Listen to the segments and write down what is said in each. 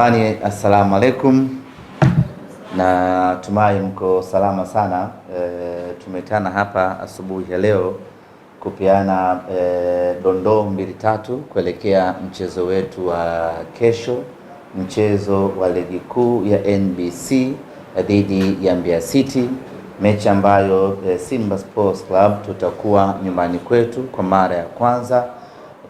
Jamani, assalamu alaikum, na tumai mko salama sana. E, eh, tumetana hapa asubuhi ya leo kupeana e, dondoo mbili tatu kuelekea mchezo wetu wa kesho, mchezo wa ligi kuu ya NBC eh, dhidi ya Mbeya City, mechi ambayo e, Simba Sports Club tutakuwa nyumbani kwetu kwa mara ya kwanza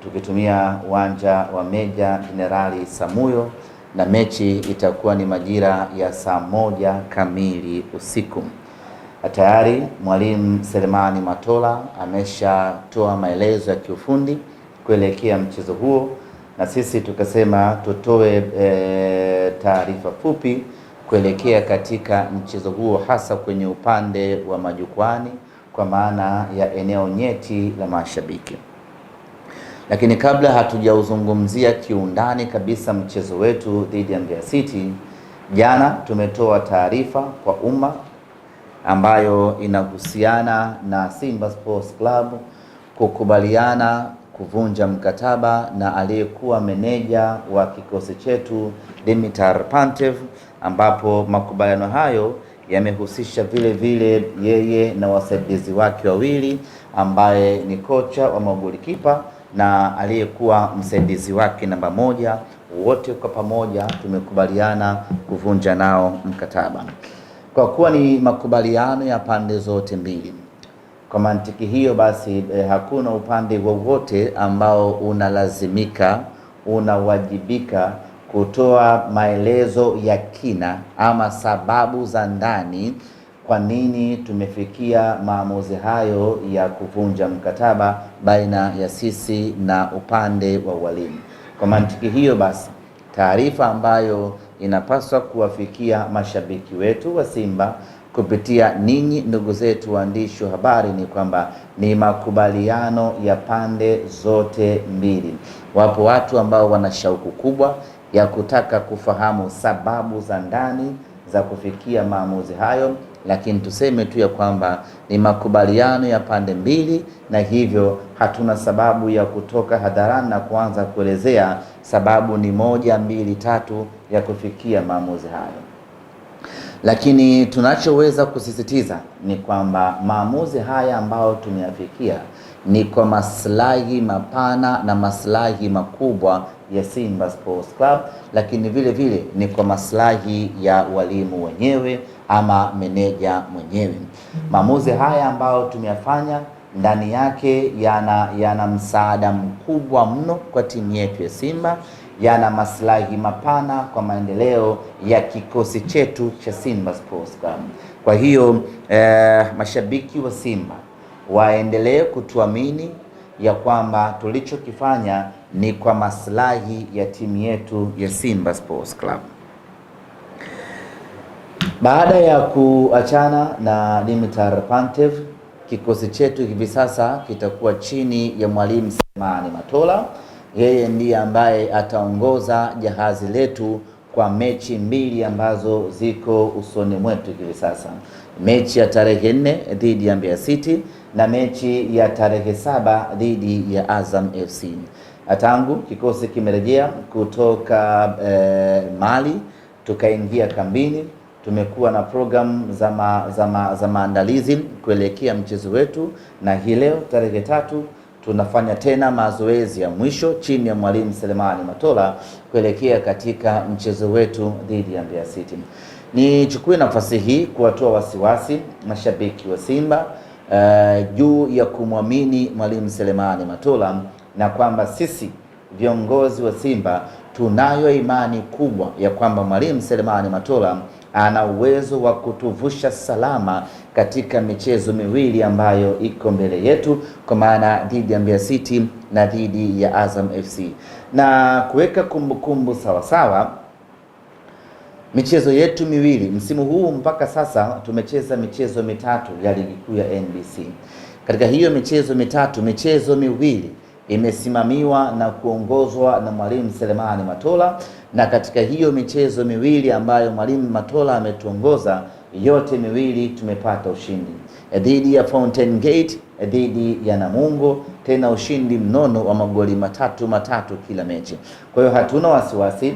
tukitumia uwanja wa Meja Jenerali Samuyo na mechi itakuwa ni majira ya saa moja kamili usiku. Tayari mwalimu Selemani Matola ameshatoa maelezo ya kiufundi kuelekea mchezo huo, na sisi tukasema tutoe e, taarifa fupi kuelekea katika mchezo huo, hasa kwenye upande wa majukwani, kwa maana ya eneo nyeti la mashabiki. Lakini kabla hatujauzungumzia kiundani kabisa mchezo wetu dhidi ya Mbeya City, jana tumetoa taarifa kwa umma ambayo inahusiana na Simba Sports Club kukubaliana kuvunja mkataba na aliyekuwa meneja wa kikosi chetu Dimitar Pantev, ambapo makubaliano hayo yamehusisha vile vile yeye na wasaidizi wake wawili ambaye ni kocha wa magolikipa na aliyekuwa msaidizi wake namba moja, wote kwa pamoja tumekubaliana kuvunja nao mkataba kwa kuwa ni makubaliano ya pande zote mbili. Kwa mantiki hiyo basi, eh, hakuna upande wowote ambao unalazimika unawajibika kutoa maelezo ya kina ama sababu za ndani kwa nini tumefikia maamuzi hayo ya kuvunja mkataba baina ya sisi na upande wa walimu Kwa mantiki hiyo basi, taarifa ambayo inapaswa kuwafikia mashabiki wetu wa Simba kupitia ninyi ndugu zetu waandishi wa habari ni kwamba ni makubaliano ya pande zote mbili. Wapo watu ambao wana shauku kubwa ya kutaka kufahamu sababu za ndani za kufikia maamuzi hayo lakini tuseme tu ya kwamba ni makubaliano ya pande mbili, na hivyo hatuna sababu ya kutoka hadharani na kuanza kuelezea sababu ni moja, mbili, tatu ya kufikia maamuzi hayo. Lakini tunachoweza kusisitiza ni kwamba maamuzi haya ambayo tumeyafikia ni kwa maslahi mapana na maslahi makubwa ya Simba Sports Club, lakini vile vile ni kwa maslahi ya walimu wenyewe ama meneja mwenyewe. Maamuzi haya ambayo tumeyafanya ndani yake yana, yana msaada mkubwa mno kwa timu yetu ya Simba, yana maslahi mapana kwa maendeleo ya kikosi chetu cha Simba Sports Club. Kwa hiyo eh, mashabiki wa Simba waendelee kutuamini ya kwamba tulichokifanya ni kwa maslahi ya timu yetu ya Simba Sports Club. Baada ya kuachana na Dimitar Pantev, kikosi chetu hivi sasa kitakuwa chini ya mwalimu Selemani Matola. Yeye ndiye ambaye ataongoza jahazi letu kwa mechi mbili ambazo ziko usoni mwetu hivi sasa, mechi ya tarehe nne dhidi ya Mbeya City na mechi ya tarehe saba dhidi ya Azam FC. Tangu kikosi kimerejea kutoka eh, Mali, tukaingia kambini tumekuwa na programu za, ma, za, ma, za maandalizi kuelekea mchezo wetu, na hii leo tarehe tatu tunafanya tena mazoezi ya mwisho chini ya mwalimu Selemani Matola kuelekea katika mchezo wetu dhidi ya Mbeya City. Nichukue nafasi hii kuwatoa wasiwasi mashabiki wa Simba uh, juu ya kumwamini mwalimu Selemani Matola na kwamba sisi viongozi wa Simba tunayo imani kubwa ya kwamba mwalimu Selemani Matola ana uwezo wa kutuvusha salama katika michezo miwili ambayo iko mbele yetu, kwa maana dhidi ya Mbeya City na dhidi ya Azam FC, na kuweka kumbukumbu sawasawa michezo yetu miwili msimu huu mpaka sasa tumecheza michezo mitatu ya ligi kuu ya NBC. Katika hiyo michezo mitatu, michezo miwili imesimamiwa na kuongozwa na Mwalimu Selemani Matola, na katika hiyo michezo miwili ambayo Mwalimu Matola ametuongoza yote miwili tumepata ushindi dhidi ya Fountain Gate, dhidi ya Namungo, tena ushindi mnono wa magoli matatu matatu kila mechi. Kwa hiyo hatuna wasiwasi,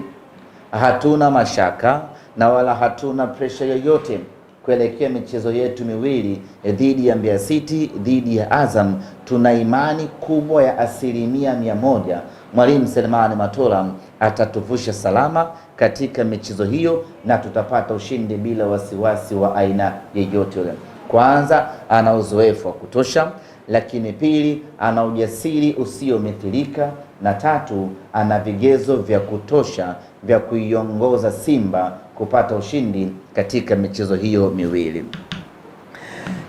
hatuna mashaka na wala hatuna presha yoyote kuelekea michezo yetu miwili eh, dhidi ya Mbeya City, dhidi ya Azam, tuna imani kubwa ya asilimia mia moja Mwalimu Selemani Matola atatuvusha salama katika michezo hiyo na tutapata ushindi bila wasiwasi wa aina yeyote ile. Kwanza, ana uzoefu wa kutosha, lakini pili, ana ujasiri usiomithilika na tatu, ana vigezo vya kutosha vya kuiongoza Simba kupata ushindi katika michezo hiyo miwili.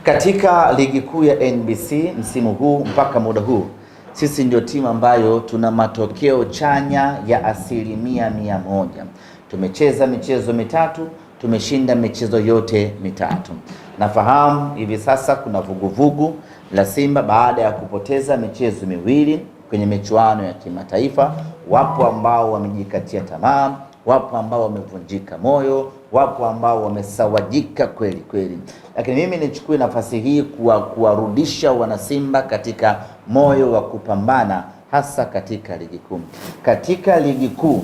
Katika ligi kuu ya NBC msimu huu mpaka muda huu, sisi ndio timu ambayo tuna matokeo chanya ya asilimia mia moja. Tumecheza michezo mitatu, tumeshinda michezo yote mitatu. Nafahamu hivi sasa kuna vuguvugu la Simba baada ya kupoteza michezo miwili kwenye michuano ya kimataifa. Wapo ambao wamejikatia tamaa, wapo ambao wamevunjika moyo, wapo ambao wamesawajika kweli kweli, lakini mimi nichukue nafasi hii kuwa, kuwarudisha wanasimba katika moyo wa kupambana, hasa katika ligi kuu. Katika ligi kuu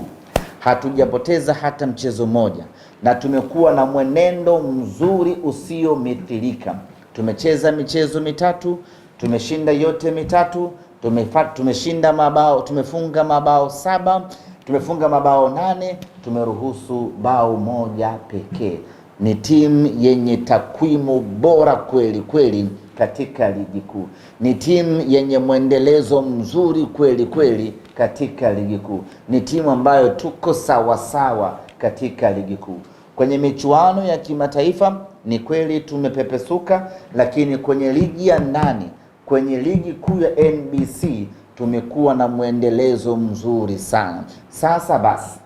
hatujapoteza hata mchezo mmoja, na tumekuwa na mwenendo mzuri usiomithilika. Tumecheza michezo mitatu, tumeshinda yote mitatu, tumeshinda mabao, tumefunga mabao saba tumefunga mabao nane tumeruhusu bao moja pekee. Ni timu yenye takwimu bora kweli kweli katika ligi kuu, ni timu yenye mwendelezo mzuri kweli kweli katika ligi kuu, ni timu ambayo tuko sawasawa sawa katika ligi kuu. Kwenye michuano ya kimataifa ni kweli tumepepesuka, lakini kwenye ligi ya ndani, kwenye ligi kuu ya NBC tumekuwa na mwendelezo mzuri sana. Sasa basi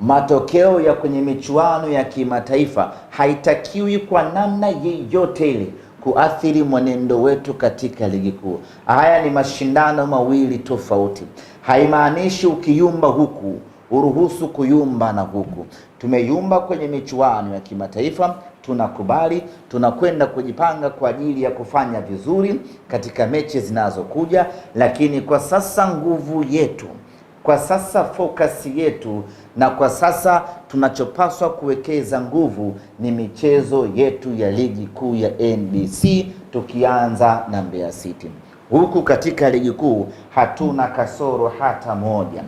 matokeo ya kwenye michuano ya kimataifa haitakiwi kwa namna yeyote ile kuathiri mwenendo wetu katika ligi kuu. Haya ni mashindano mawili tofauti. Haimaanishi ukiyumba huku uruhusu kuyumba na huku. Tumeyumba kwenye michuano ya kimataifa, tunakubali, tunakwenda kujipanga kwa ajili ya kufanya vizuri katika mechi zinazokuja, lakini kwa sasa nguvu yetu kwa sasa focus yetu na kwa sasa tunachopaswa kuwekeza nguvu ni michezo yetu ya ligi kuu ya NBC, tukianza na Mbeya City. Huku katika ligi kuu hatuna kasoro hata moja.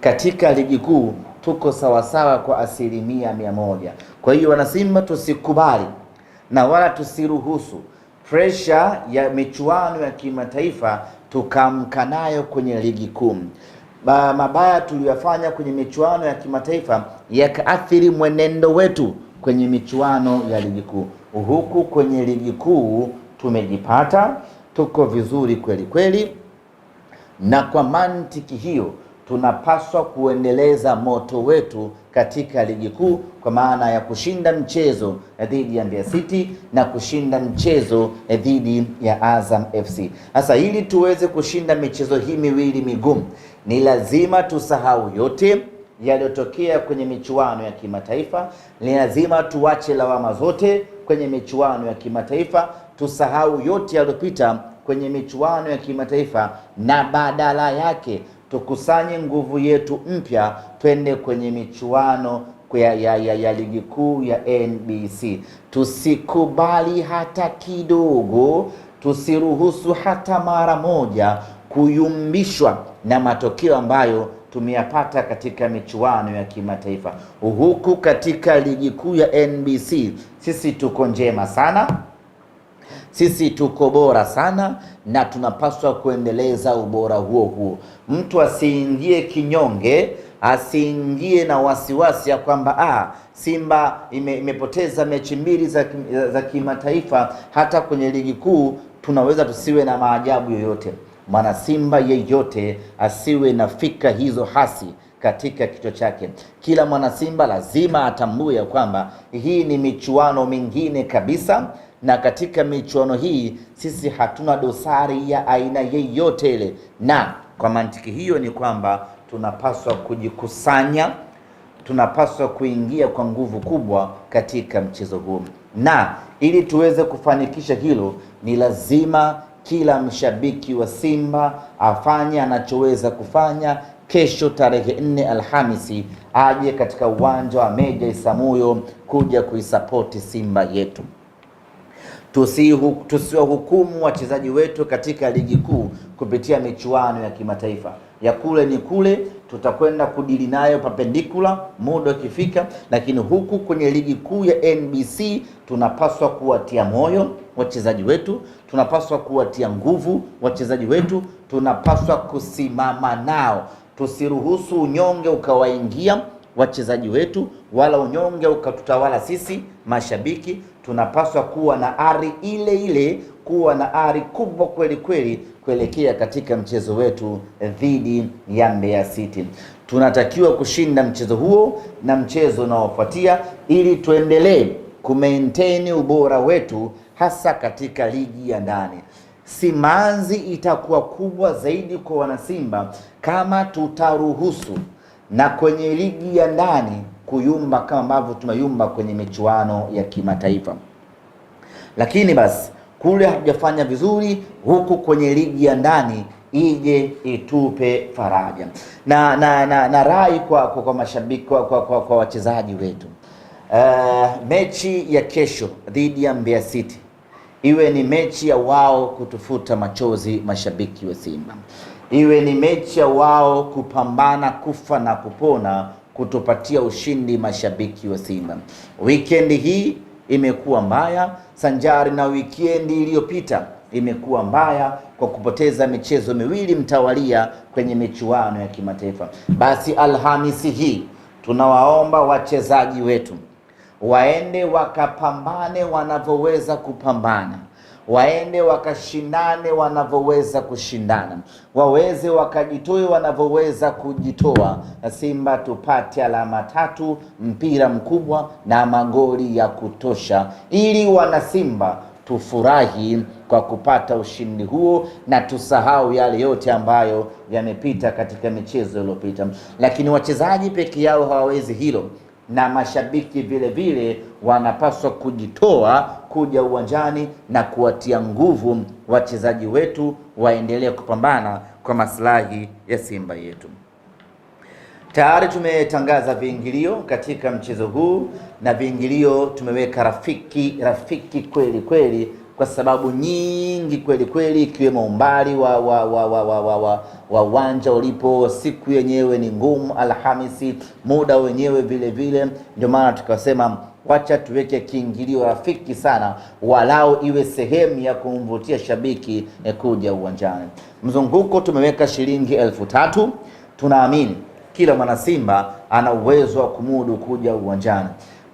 Katika ligi kuu tuko sawasawa kwa asilimia mia moja. Kwa hiyo wanasimba, tusikubali na wala tusiruhusu presha ya michuano ya kimataifa tukaamka nayo kwenye ligi kuu mabaya tuliyofanya kwenye michuano ya kimataifa yakaathiri mwenendo wetu kwenye michuano ya ligi kuu. Huku kwenye ligi kuu tumejipata, tuko vizuri kweli kweli, na kwa mantiki hiyo tunapaswa kuendeleza moto wetu katika ligi kuu kwa maana ya kushinda mchezo dhidi ya Mbeya City na kushinda mchezo dhidi ya Azam FC. Sasa ili tuweze kushinda michezo hii miwili migumu, ni lazima tusahau yote yaliyotokea kwenye michuano ya kimataifa. Ni lazima tuache lawama zote kwenye michuano ya kimataifa, tusahau yote yaliyopita kwenye michuano ya kimataifa na badala yake tukusanye nguvu yetu mpya, twende kwenye michuano ya, ya, ya, ya ligi kuu ya NBC. Tusikubali hata kidogo, tusiruhusu hata mara moja kuyumbishwa na matokeo ambayo tumeyapata katika michuano ya kimataifa. Huku katika ligi kuu ya NBC sisi tuko njema sana. Sisi tuko bora sana na tunapaswa kuendeleza ubora huo huo. Mtu asiingie kinyonge, asiingie na wasiwasi ya kwamba ah, Simba ime, imepoteza mechi mbili za, za kimataifa, hata kwenye ligi kuu tunaweza tusiwe na maajabu yoyote. Mwana Simba yeyote asiwe na fikra hizo hasi katika kichwa chake. Kila mwana Simba lazima atambue ya kwamba hii ni michuano mingine kabisa na katika michuano hii sisi hatuna dosari ya aina yeyote ile, na kwa mantiki hiyo ni kwamba tunapaswa kujikusanya, tunapaswa kuingia kwa nguvu kubwa katika mchezo huu, na ili tuweze kufanikisha hilo ni lazima kila mshabiki wa Simba afanye anachoweza kufanya. Kesho tarehe nne Alhamisi aje katika uwanja wa Meja Isamuyo kuja kuisapoti Simba yetu tusiwahukumu wachezaji wetu katika ligi kuu kupitia michuano ya kimataifa ya kule ni kule, tutakwenda kudili nayo papendikula muda ukifika. Lakini huku kwenye ligi kuu ya NBC tunapaswa kuwatia moyo wachezaji wetu, tunapaswa kuwatia nguvu wachezaji wetu, tunapaswa kusimama nao. Tusiruhusu unyonge ukawaingia wachezaji wetu, wala unyonge ukatutawala sisi mashabiki, tunapaswa kuwa na ari ile ile, kuwa na ari kubwa kweli kweli kuelekea katika mchezo wetu dhidi ya Mbeya City. Tunatakiwa kushinda mchezo huo na mchezo unaofuatia ili tuendelee kumaintain ubora wetu hasa katika ligi ya ndani. Simanzi itakuwa kubwa zaidi kwa wanasimba kama tutaruhusu na kwenye ligi ya ndani kuyumba kama ambavyo tumeyumba kwenye michuano ya kimataifa. Lakini basi kule hatujafanya vizuri, huku kwenye ligi ya ndani ije itupe faraja na, na, na, na rai kwa, kwa, kwa mashabiki kwa, kwa, kwa, kwa wachezaji wetu uh, mechi ya kesho dhidi ya Mbeya City iwe ni mechi ya wao kutufuta machozi, mashabiki wa Simba, iwe ni mechi ya wao kupambana kufa na kupona kutupatia ushindi mashabiki wa Simba. Wikendi hii imekuwa mbaya sanjari na wikendi iliyopita imekuwa mbaya kwa kupoteza michezo miwili mtawalia kwenye michuano ya kimataifa. Basi Alhamisi hii tunawaomba wachezaji wetu waende wakapambane wanavyoweza kupambana waende wakashindane wanavyoweza kushindana, waweze wakajitoe wanavyoweza kujitoa. Simba tupate alama tatu, mpira mkubwa na magoli ya kutosha, ili wanasimba tufurahi kwa kupata ushindi huo na tusahau yale yote ambayo yamepita katika michezo iliyopita. Lakini wachezaji peke yao hawawezi hilo, na mashabiki vile vile wanapaswa kujitoa kuja uwanjani na kuwatia nguvu wachezaji wetu waendelee kupambana kwa maslahi ya Simba yetu. Tayari tumetangaza viingilio katika mchezo huu na viingilio tumeweka rafiki rafiki kweli kweli kwa sababu nyingi kweli kweli, ikiwemo umbali wa wa wa wa wa wa wa uwanja ulipo, siku yenyewe ni ngumu, Alhamisi, muda wenyewe vile vile, ndio maana tukasema wacha tuweke kiingilio rafiki sana, walau iwe sehemu ya kumvutia shabiki eh, kuja uwanjani. Mzunguko tumeweka shilingi elfu tatu. Tunaamini kila mwana Simba ana uwezo wa kumudu kuja uwanjani.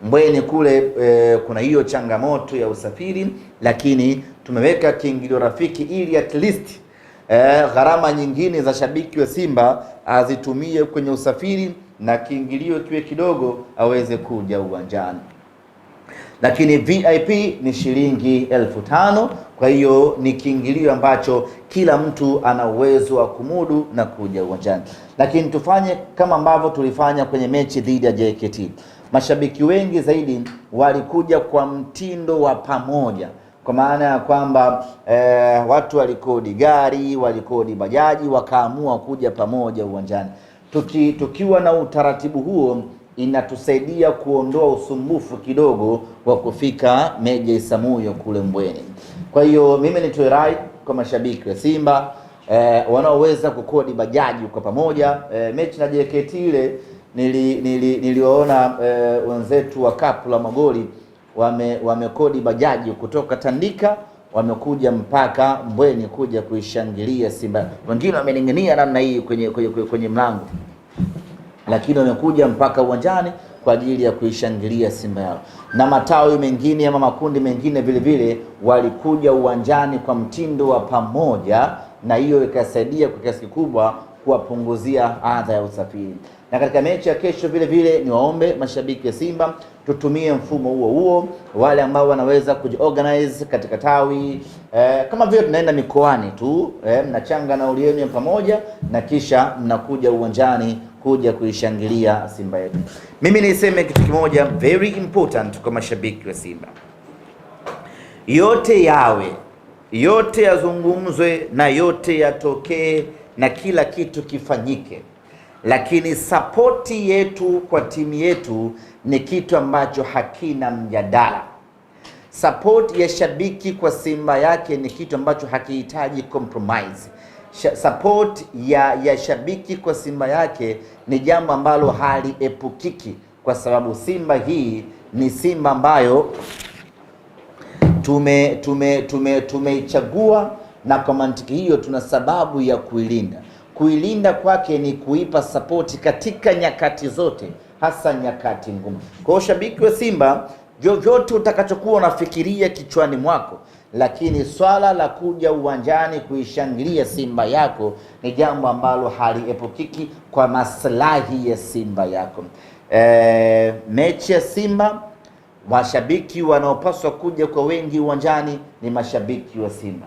Mbweni kule e, kuna hiyo changamoto ya usafiri, lakini tumeweka kiingilio rafiki ili at least e, gharama nyingine za shabiki wa Simba azitumie kwenye usafiri na kiingilio kiwe kidogo aweze kuja uwanjani lakini VIP ni shilingi elfu tano. Kwa hiyo ni kiingilio ambacho kila mtu ana uwezo wa kumudu na kuja uwanjani, lakini tufanye kama ambavyo tulifanya kwenye mechi dhidi ya JKT. Mashabiki wengi zaidi walikuja kwa mtindo wa pamoja kwa maana ya kwamba eh, watu walikodi gari, walikodi bajaji, wakaamua kuja pamoja uwanjani. Tuki, tukiwa na utaratibu huo inatusaidia kuondoa usumbufu kidogo wa kufika Meja Isamuhyo kule Mbweni. Kwa hiyo mimi nitoe rai kwa mashabiki wa Simba eh, wanaoweza kukodi bajaji kwa pamoja eh, mechi na JKT ile niliwaona nili, nili eh, wenzetu wa kapu la magoli wame, wamekodi bajaji kutoka Tandika wamekuja mpaka Mbweni kuja kuishangilia Simba, wengine wamening'inia namna hii kwenye, kwenye, kwenye mlango lakini wamekuja mpaka uwanjani kwa ajili ya kuishangilia Simba yao, na matawi mengine ama makundi mengine vile vile walikuja uwanjani kwa mtindo wa pamoja, na hiyo ikasaidia kwa kiasi kikubwa kuwapunguzia adha ya usafiri. Na katika mechi ya kesho vile vile niwaombe mashabiki wa Simba tutumie mfumo huo huo, wale ambao wanaweza kujiorganize katika tawi eh, kama vile tunaenda mikoani tu eh, mnachanga nauli yenu ya pamoja na kisha mnakuja uwanjani kuja kuishangilia Simba yetu. Mimi niseme kitu kimoja very important kwa mashabiki wa Simba, yote yawe, yote yazungumzwe na yote yatokee na kila kitu kifanyike, lakini sapoti yetu kwa timu yetu ni kitu ambacho hakina mjadala. Sapoti ya shabiki kwa Simba yake ni kitu ambacho hakihitaji compromise support ya, ya shabiki kwa Simba yake ni jambo ambalo haliepukiki, kwa sababu Simba hii ni Simba ambayo tume tume tume tumeichagua, na kwa mantiki hiyo tuna sababu ya kuilinda. Kuilinda kwake ni kuipa sapoti katika nyakati zote, hasa nyakati ngumu. Kwa hiyo shabiki wa Simba, vyovyote utakachokuwa unafikiria kichwani mwako lakini swala la kuja uwanjani kuishangilia Simba yako ni jambo ambalo haliepukiki kwa maslahi ya Simba yako. E, mechi ya Simba, mashabiki wanaopaswa kuja kwa wengi uwanjani ni mashabiki wa Simba.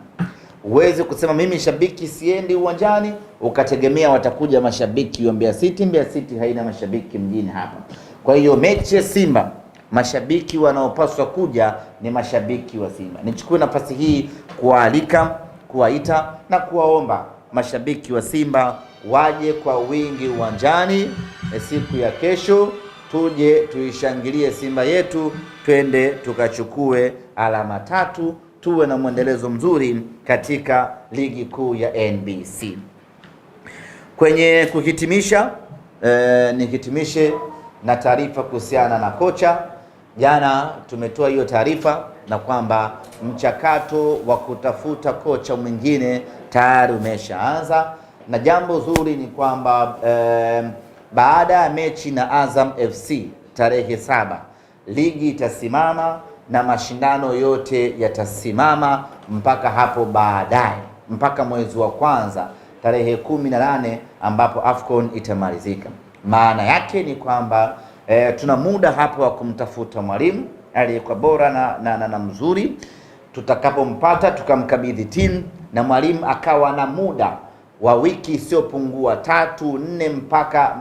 Huwezi kusema mimi shabiki siendi uwanjani ukategemea watakuja mashabiki wa Mbeya City. Mbeya City haina mashabiki mjini hapa. Kwa hiyo mechi ya Simba mashabiki wanaopaswa kuja ni mashabiki wa Simba. Nichukue nafasi hii kuwaalika, kuwaita na kuwaomba mashabiki wa Simba waje kwa wingi uwanjani eh, siku ya kesho, tuje tuishangilie Simba yetu, twende tukachukue alama tatu, tuwe na mwendelezo mzuri katika ligi kuu ya NBC. Kwenye kuhitimisha, eh, nihitimishe na taarifa kuhusiana na kocha Jana tumetoa hiyo taarifa na kwamba mchakato wa kutafuta kocha mwingine tayari umeshaanza, na jambo zuri ni kwamba eh, baada ya mechi na Azam FC tarehe saba ligi itasimama na mashindano yote yatasimama mpaka hapo baadaye, mpaka mwezi wa kwanza tarehe kumi na nane ambapo AFCON itamalizika. Maana yake ni kwamba E, tuna muda hapo wa kumtafuta mwalimu aliyekuwa bora na, na, na, na mzuri. Tutakapompata tukamkabidhi timu na mwalimu akawa na muda wa wiki isiyopungua tatu nne mpaka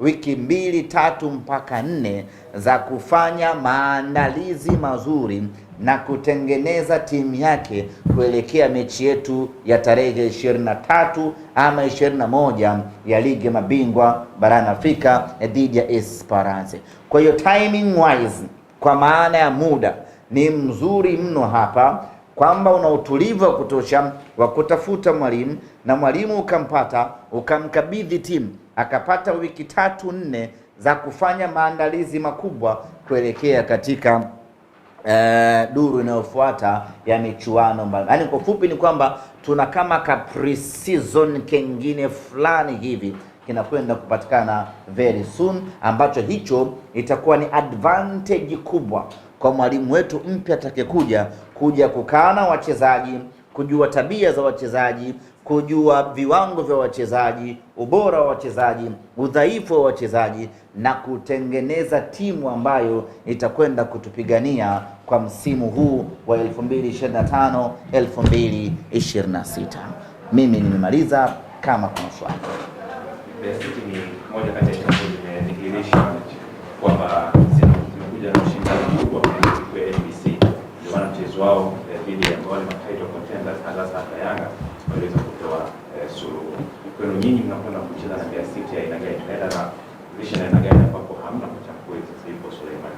wiki mbili tatu mpaka nne za kufanya maandalizi mazuri na kutengeneza timu yake kuelekea mechi yetu ya tarehe ishirini na tatu ama ishirini na moja ya ligi ya mabingwa barani Afrika eh, dhidi ya Esperance. Kwa hiyo timing wise, kwa maana ya muda ni mzuri mno hapa kwamba una utulivu wa kutosha wa kutafuta mwalimu na mwalimu ukampata, ukamkabidhi timu, akapata wiki tatu nne za kufanya maandalizi makubwa kuelekea katika Eh, duru inayofuata ya michuano mbalimbali. Yaani kwa fupi ni kwamba tuna kama ka pre-season kengine fulani hivi kinakwenda kupatikana very soon, ambacho hicho itakuwa ni advantage kubwa kwa mwalimu wetu mpya atakayekuja kuja kukaa na wachezaji, kujua tabia za wachezaji, kujua viwango vya wachezaji, ubora wa wachezaji, udhaifu wa wachezaji na kutengeneza timu ambayo itakwenda kutupigania kwa msimu huu wa 2025 2026. Mimi nimemaliza. Kama kuna swali kwamba zimekuja na ushindani mkubwa kwa NBC, ndio maana mchezo wao eh, dhidi ya wale ma title contenders hasa Yanga kwenu nyinyi mnakwenda kucheza na Mbeya City ya aina gani? Naenda na vision aina gani ambapo hamna kocha mkuu sasa hivi Suleiman?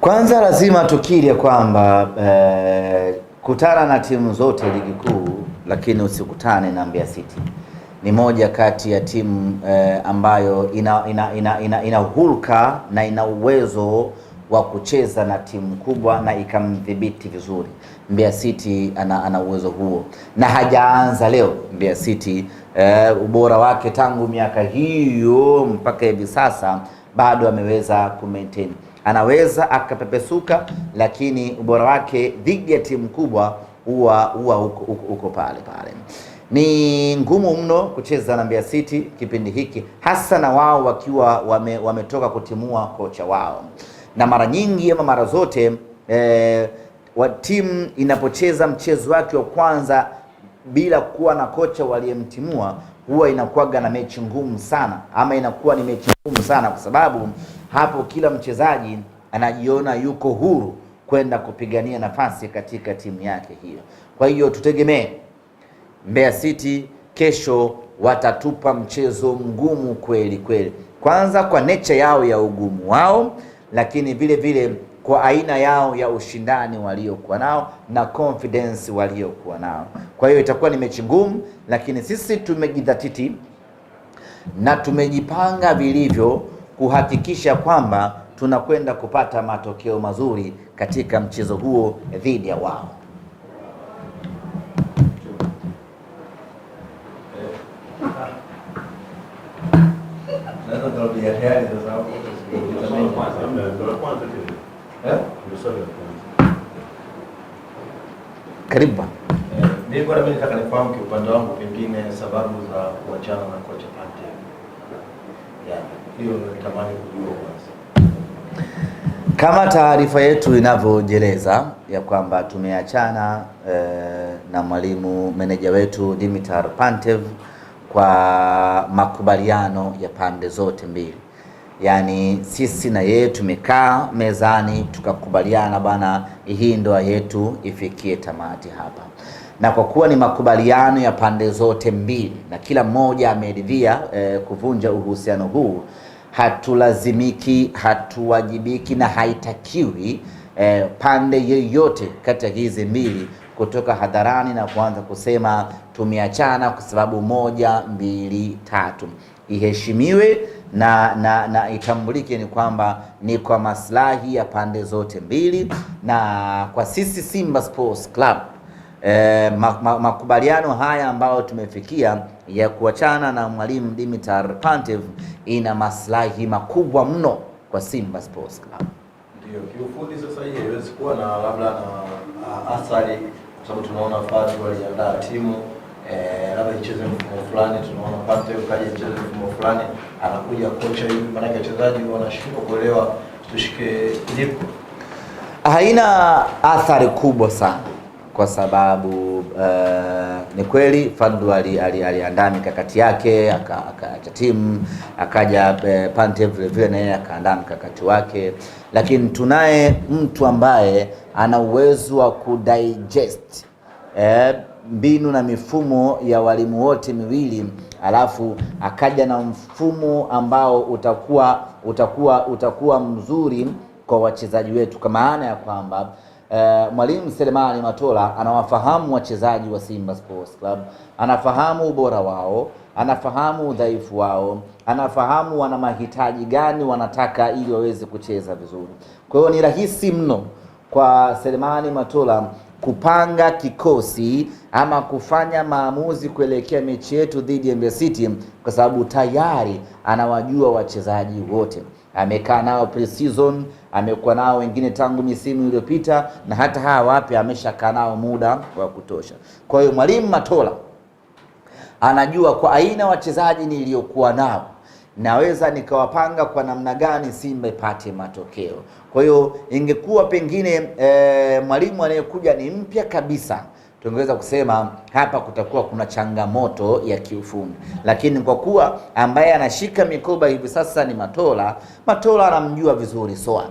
Kwanza lazima tukiri kwamba eh, kutana na timu zote ligi kuu, lakini usikutane na Mbeya City. Ni moja kati ya timu eh, ambayo ina, ina, ina, ina, ina hulka na ina uwezo wa kucheza na timu kubwa na ikamdhibiti vizuri. Mbeya City ana, ana uwezo huo na hajaanza leo Mbeya City eh, ubora wake tangu miaka hiyo mpaka hivi sasa bado ameweza ku Anaweza akapepesuka, lakini ubora wake dhidi ya timu kubwa huwa huwa uko pale pale. Ni ngumu mno kucheza na Mbeya City kipindi hiki, hasa na wao wakiwa wametoka wame kutimua kocha wao na mara nyingi ama mara zote e, wa timu inapocheza mchezo wake wa kwanza bila kuwa na kocha waliyemtimua huwa inakuwaga na mechi ngumu sana, ama inakuwa ni mechi ngumu sana, kwa sababu hapo kila mchezaji anajiona yuko huru kwenda kupigania nafasi katika timu yake hiyo. Kwa hiyo tutegemee Mbeya City kesho watatupa mchezo mgumu kweli kweli, kwanza kwa nature yao ya ugumu wao lakini vile vile kwa aina yao ya ushindani waliokuwa nao na confidence waliokuwa nao. Kwa hiyo itakuwa ni mechi ngumu, lakini sisi tumejidhatiti na tumejipanga vilivyo kuhakikisha kwamba tunakwenda kupata matokeo mazuri katika mchezo huo dhidi ya wao. Naweza kurudia tayari sasa hapo. Karibu bwana. Mimi bwana, mimi nataka nifahamu kwa upande wangu pengine sababu za kuachana na kocha Pate. Yeah, hiyo natamani kujua kwanza. Kama taarifa yetu inavyojeleza ya kwamba tumeachana eh, na mwalimu meneja wetu Dimitar Pantev kwa makubaliano ya pande zote mbili, yaani sisi na yeye tumekaa mezani tukakubaliana, bana, hii ndoa yetu ifikie tamati hapa. Na kwa kuwa ni makubaliano ya pande zote mbili na kila mmoja ameridhia eh, kuvunja uhusiano huu, hatulazimiki, hatuwajibiki na haitakiwi eh, pande yeyote kati ya hizi mbili kutoka hadharani na kuanza kusema tumeachana kwa sababu moja, mbili, tatu, iheshimiwe na, na, na itambulike ni kwamba ni kwa maslahi ya pande zote mbili, na kwa sisi Simba Sports Club eh, makubaliano haya ambayo tumefikia ya kuachana na mwalimu Dimitar Pantev ina maslahi makubwa mno kwa Simba Sports Club. Ndio kiufundi sasa, hii haiwezi kuwa na labda na athari kwa sababu tunaona FAT waliandaa timu eh, labda icheze mfumo fulani, tunaona Pate kaja icheze mfumo fulani, anakuja kocha hivi, maanake wachezaji wanashindwa kuelewa tushike lipo, haina athari kubwa sana kwa sababu uh, ni kweli Fadlu aliandaa ali, ali mikakati yake akaacha timu akaja eh, Pante vile vile na yeye akaandaa mkakati wake, lakini tunaye mtu ambaye ana uwezo wa kudigest eh, mbinu na mifumo ya walimu wote miwili alafu akaja na mfumo ambao utakuwa utakuwa utakuwa mzuri kwa wachezaji wetu, kwa maana ya kwamba Uh, Mwalimu Selemani Matola anawafahamu wachezaji wa Simba Sports Club, anafahamu ubora wao, anafahamu udhaifu wao, anafahamu wana mahitaji gani wanataka ili waweze kucheza vizuri. Kwa hiyo ni rahisi mno kwa Selemani Matola kupanga kikosi ama kufanya maamuzi kuelekea mechi yetu dhidi ya Mbeya City kwa sababu tayari anawajua wachezaji wote, amekaa nao pre-season amekuwa nao wengine tangu misimu iliyopita, na hata hawa wapya ameshakaa nao muda wa kutosha. Kwa hiyo mwalimu Matola anajua kwa aina wachezaji niliyokuwa nao naweza nikawapanga kwa namna gani Simba ipate matokeo. Kwa hiyo ingekuwa pengine e, mwalimu anayekuja ni mpya kabisa tungeweza kusema hapa kutakuwa kuna changamoto ya kiufundi, lakini kwa kuwa ambaye anashika mikoba hivi sasa ni Matola, Matola anamjua vizuri Soa,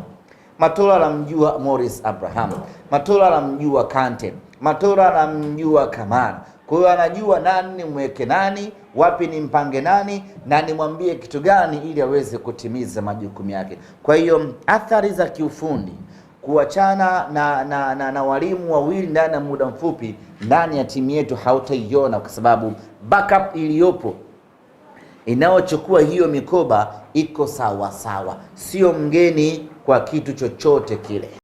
Matola anamjua Morris Abraham, Matola anamjua Kante, Matola anamjua Kamara. Kwa hiyo anajua nani nimweke nani, wapi nimpange nani na nimwambie kitu gani, ili aweze kutimiza majukumu yake. Kwa hiyo athari za kiufundi kuachana na, na, na, na walimu wawili ndani ya muda mfupi ndani ya timu yetu hautaiona, kwa sababu backup iliyopo inayochukua hiyo mikoba iko sawa sawa, sio mgeni kwa kitu chochote kile.